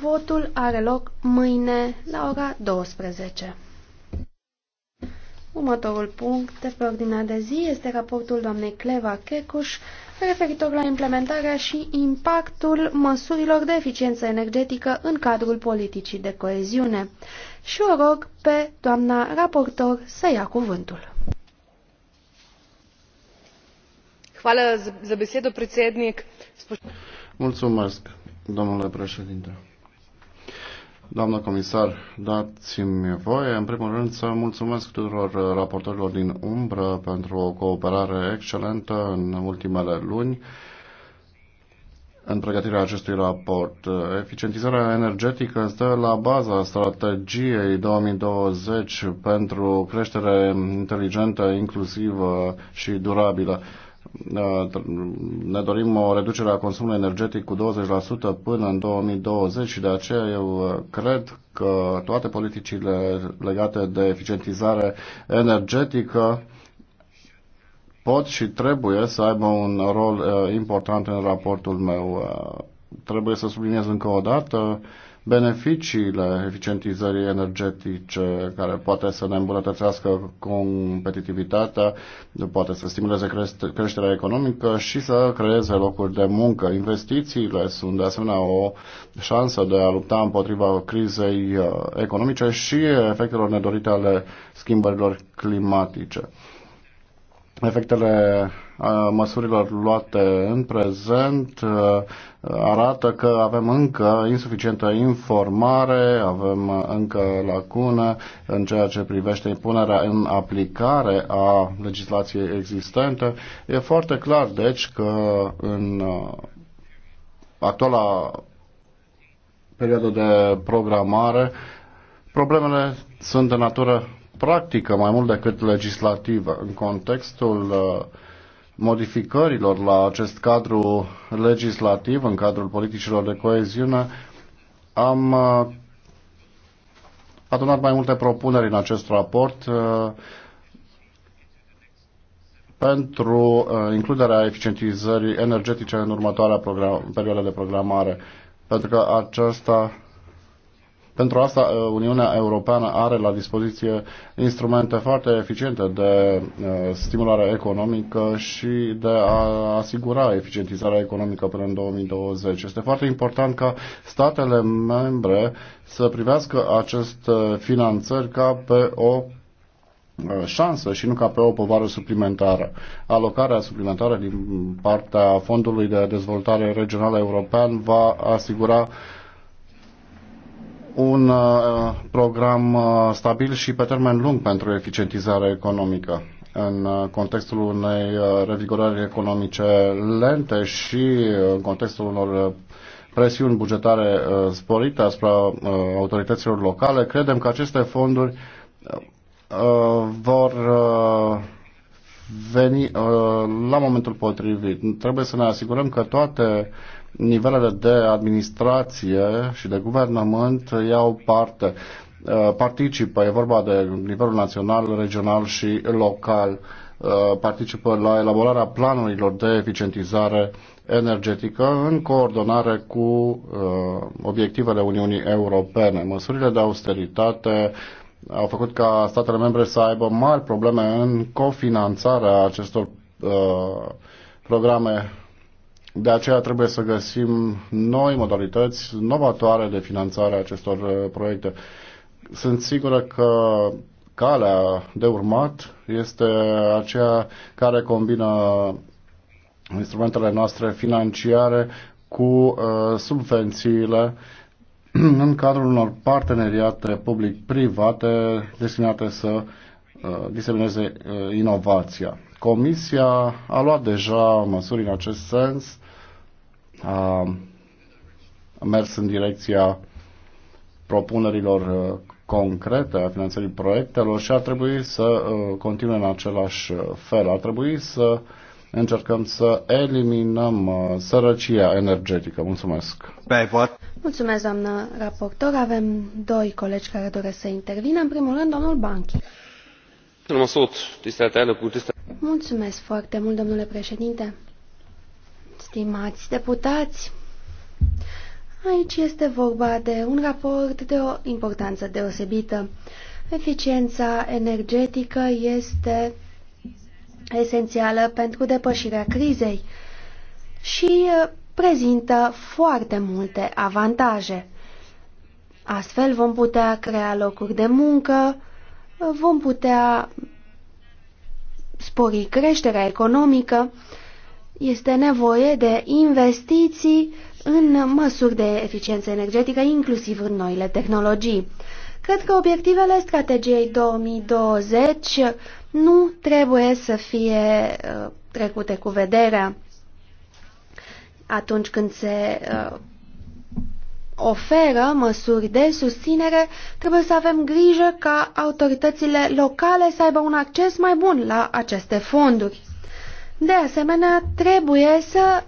Votul are loc mâine la ora 12. Următorul punct de pe ordinea de zi este raportul doamnei Cleva Checuș referitor la implementarea și impactul măsurilor de eficiență energetică în cadrul politicii de coeziune. Și o rog pe doamna raportor să ia cuvântul. Mulțumesc, domnule președinte. Doamnă comisar, dați-mi voie, în primul rând, să mulțumesc tuturor uh, raportorilor din umbră pentru o cooperare excelentă în ultimele luni în pregătirea acestui raport. Uh, eficientizarea energetică stă la baza strategiei 2020 pentru creștere inteligentă, inclusivă și durabilă ne dorim o reducere a consumului energetic cu 20% până în 2020 și de aceea eu uh, cred că toate politicile legate de eficientizare energetică pot și trebuie să aibă un rol uh, important în raportul meu. Uh, trebuie să subliniez încă o dată beneficiile eficientizării energetice care poate să ne îmbunătățească competitivitatea, poate să stimuleze creșterea economică și să creeze locuri de muncă. Investițiile sunt de asemenea o șansă de a lupta împotriva crizei uh, economice și efectelor nedorite ale schimbărilor climatice. Efectele măsurilor luate în prezent arată că avem încă insuficientă informare, avem încă lacune în ceea ce privește impunerea în aplicare a legislației existente. E foarte clar, deci, că în actuala perioadă de programare problemele sunt de natură practică mai mult decât legislativă. În contextul uh, modificărilor la acest cadru legislativ, în cadrul politicilor de coeziune, am uh, adunat mai multe propuneri în acest raport uh, pentru includerea eficientizării energetice în următoarea perioadă de programare, pentru că aceasta pentru asta uh, Uniunea Europeană are la dispoziție instrumente foarte eficiente de uh, stimulare economică și de a asigura eficientizarea economică până în 2020. Este foarte important ca statele membre să privească acest finanțări ca pe o uh, șansă și nu ca pe o povară suplimentară. Alocarea suplimentară din partea Fondului de Dezvoltare Regională European va asigura un uh, program uh, stabil și pe termen lung pentru eficientizare economică în uh, contextul unei revigorări economice lente și în contextul unor presiuni bugetare sporite asupra autorităților locale, credem că aceste fonduri vor veni uh, la momentul potrivit. Trebuie să ne asigurăm că toate nivelele de administrație și de guvernământ iau parte, uh, participă, e vorba de nivelul național, regional și local, uh, participă la elaborarea planurilor de eficientizare energetică în coordonare cu uh, obiectivele Uniunii Europene. Măsurile de austeritate uh, au făcut ca statele membre să aibă mari probleme în cofinanțarea acestor uh, programe. De aceea trebuie să găsim noi modalități novatoare de finanțare a acestor uh, proiecte. Sunt sigură că calea de urmat este aceea care combină instrumentele noastre financiare cu uh, subvențiile în cadrul unor parteneriate public-private destinate să uh, disemineze uh, inovația. Comisia a luat deja măsuri în acest sens, a mers în direcția propunerilor uh, concrete a finanțării proiectelor și ar trebui să continue în același fel. Ar trebui să încercăm să eliminăm sărăcia energetică. Mulțumesc! Pe Mulțumesc, doamnă raportor. Avem doi colegi care doresc să intervină. În primul rând, domnul Banchi. Mulțumesc foarte mult, domnule președinte. Stimați deputați, aici este vorba de un raport de o importanță deosebită. Eficiența energetică este esențială pentru depășirea crizei și prezintă foarte multe avantaje. Astfel vom putea crea locuri de muncă, vom putea spori creșterea economică, este nevoie de investiții în măsuri de eficiență energetică, inclusiv în noile tehnologii. Cred că obiectivele strategiei 2020 nu trebuie să fie uh, trecute cu vederea atunci când se uh, oferă măsuri de susținere, trebuie să avem grijă ca autoritățile locale să aibă un acces mai bun la aceste fonduri. De asemenea, trebuie să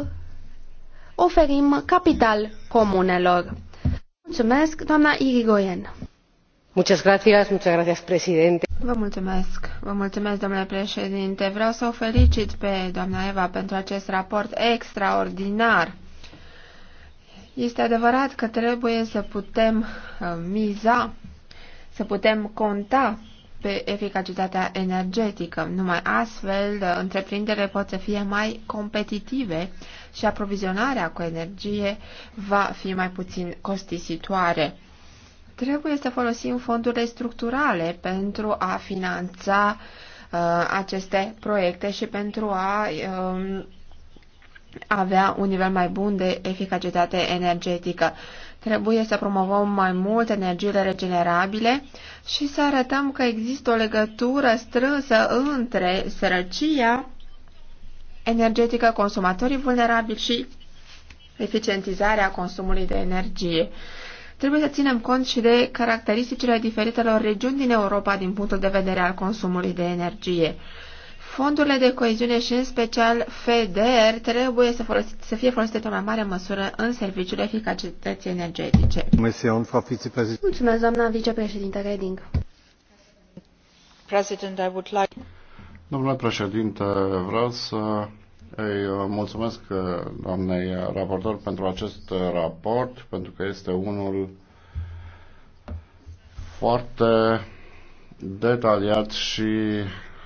uh, oferim capital comunelor. Mulțumesc, doamna Irigoyen. Muchas gracias, muchas gracias, presidente. Vă mulțumesc. Vă mulțumesc, domnule președinte. Vreau să o felicit pe doamna Eva pentru acest raport extraordinar. Este adevărat că trebuie să putem uh, miza, să putem conta pe eficacitatea energetică. Numai astfel, uh, întreprinderile pot să fie mai competitive și aprovizionarea cu energie va fi mai puțin costisitoare. Trebuie să folosim fondurile structurale pentru a finanța uh, aceste proiecte și pentru a uh, avea un nivel mai bun de eficacitate energetică. Trebuie să promovăm mai mult energiile regenerabile și să arătăm că există o legătură strânsă între sărăcia energetică, consumatorii vulnerabili și eficientizarea consumului de energie. Trebuie să ținem cont și de caracteristicile diferitelor regiuni din Europa din punctul de vedere al consumului de energie. Fondurile de coeziune și în special FEDER trebuie să, folosit, să fie folosite într-o mai mare măsură în serviciul eficacității energetice. Mulțumesc, doamna vicepreședinte Reding. President, I would like... Domnule președinte, vreau să ei, uh, mulțumesc uh, doamnei uh, raportor pentru acest raport, pentru că este unul foarte detaliat și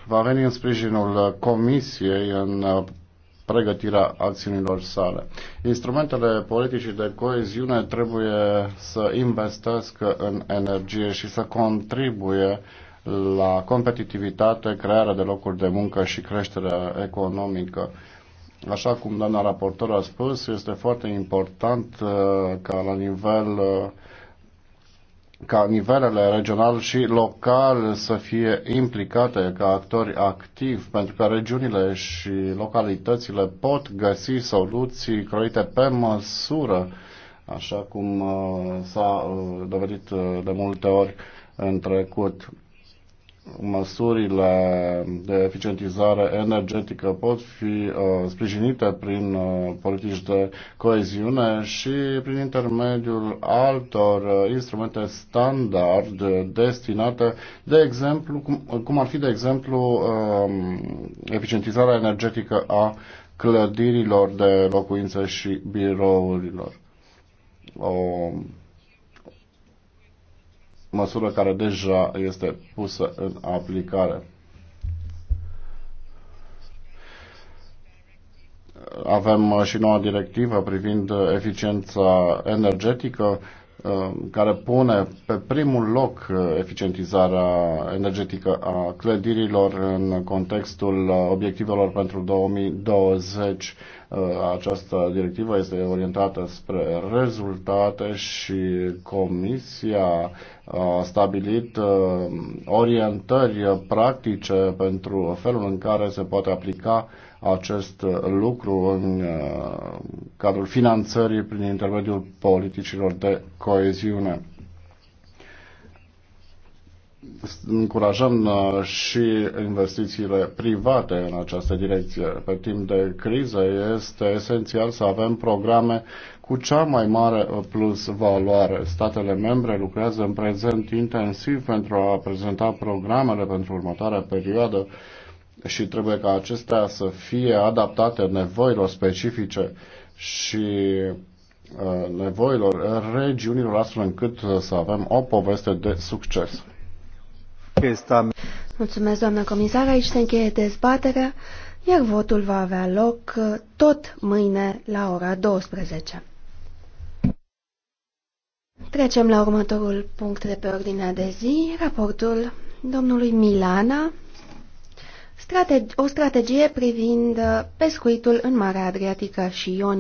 va veni în sprijinul Comisiei în pregătirea acțiunilor sale. Instrumentele politicii de coeziune trebuie să investească în energie și să contribuie la competitivitate, crearea de locuri de muncă și creșterea economică. Așa cum doamna raportor a spus, este foarte important uh, ca la nivel uh, ca nivelele regional și local să fie implicate ca actori activi, pentru că regiunile și localitățile pot găsi soluții croite pe măsură, așa cum uh, s-a dovedit de multe ori în trecut măsurile de eficientizare energetică pot fi uh, sprijinite prin uh, politici de coeziune și prin intermediul altor uh, instrumente standard destinate, de exemplu, cum, cum ar fi, de exemplu, uh, eficientizarea energetică a clădirilor de locuințe și birourilor. Uh, măsură care deja este pusă în aplicare. Avem și noua directivă privind eficiența energetică, Uh, care pune pe primul loc uh, eficientizarea energetică a clădirilor în contextul uh, obiectivelor pentru 2020. Această directivă este orientată spre rezultate și Comisia a stabilit orientări practice pentru felul în care se poate aplica acest uh, lucru în uh, cadrul finanțării prin intermediul politicilor de coeziune. Încurajăm uh, și investițiile private în această direcție. Pe timp de criză este esențial să avem programe cu cea mai mare plus valoare. Statele membre lucrează în prezent intensiv pentru a prezenta programele pentru următoarea perioadă și trebuie ca acestea să fie adaptate nevoilor specifice și uh, nevoilor regiunilor astfel încât uh, să avem o poveste de succes. Mulțumesc, doamnă comisar. Aici se încheie dezbaterea, iar votul va avea loc uh, tot mâine la ora 12. Trecem la următorul punct de pe ordinea de zi, raportul domnului Milana, o strategie privind uh, pescuitul în Marea Adriatică și Ion.